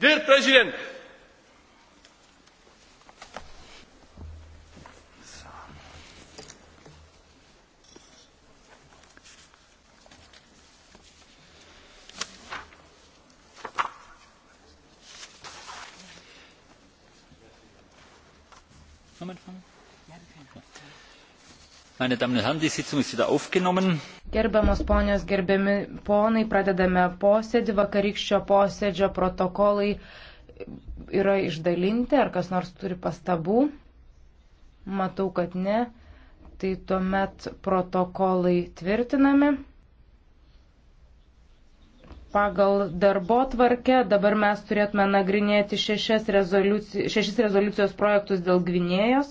Dear President, meine damen und herren! die sitzung ist wieder aufgenommen. Gerbiamos ponios, gerbiami ponai, pradedame posėdį. Vakarykščio posėdžio protokolai yra išdalinti. Ar kas nors turi pastabų? Matau, kad ne. Tai tuomet protokolai tvirtinami. Pagal darbo tvarkę dabar mes turėtume nagrinėti rezoliuci šešis rezoliucijos projektus dėl Gvinėjos.